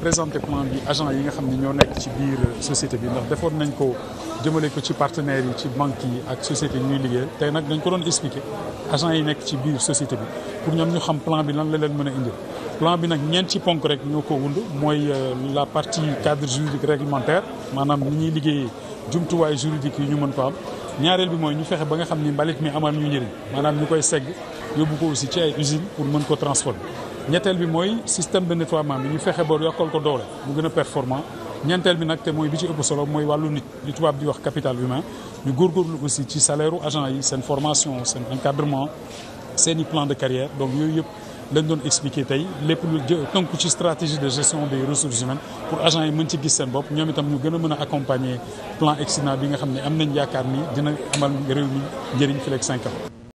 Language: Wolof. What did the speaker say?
présenté plan bi agent yi nga xam ne ñoo nekk ci biir société bi ndax defoon nañ ko jëmale ko ci partenaires yi ci banques yi ak société ñuy liggéey tey nag dañ ko doon expliquer agent yi nekk ci biir société bi pour ñoom ñu xam plan bi lan la leen mën a indil plan bi nag ñeent ci ponk rek ñoo ko wund mooy euh, la partie cadre juridique réglementaire maanaam ni ñuy liggéeye jumtuwaay juridique yi ñu mën ko am ñaareel bi mooy ñu fexe ba nga xam ni mbalit mi amal ñu njëriñ maanaam ñu koy segg yóbbu ko aussi ci pour mën ko transformer ñetteel bi mooy système de nettoiement bi ñu fexe ba yokkal ko doole mu gën a performant ñenteel bi nag te mooy bi ci ëpp solo mooy wàllu nit li tubaab di wax capital humain ñu góorgóorlu aussi ci salaire agent yi seen formation seen encadrement seeni plan de carrière donc yooyu yëpp lañ doon expliquer tey lépp lu ci stratégie de gestion des ressources humaines pour agent yi mën ci gis seen bopp ñoom itam ñu gën a mën a accompagner plan Exsina bi nga xam ne am nañ yaakaar ni dina amal réew mi njëriñ fileeg cinq ans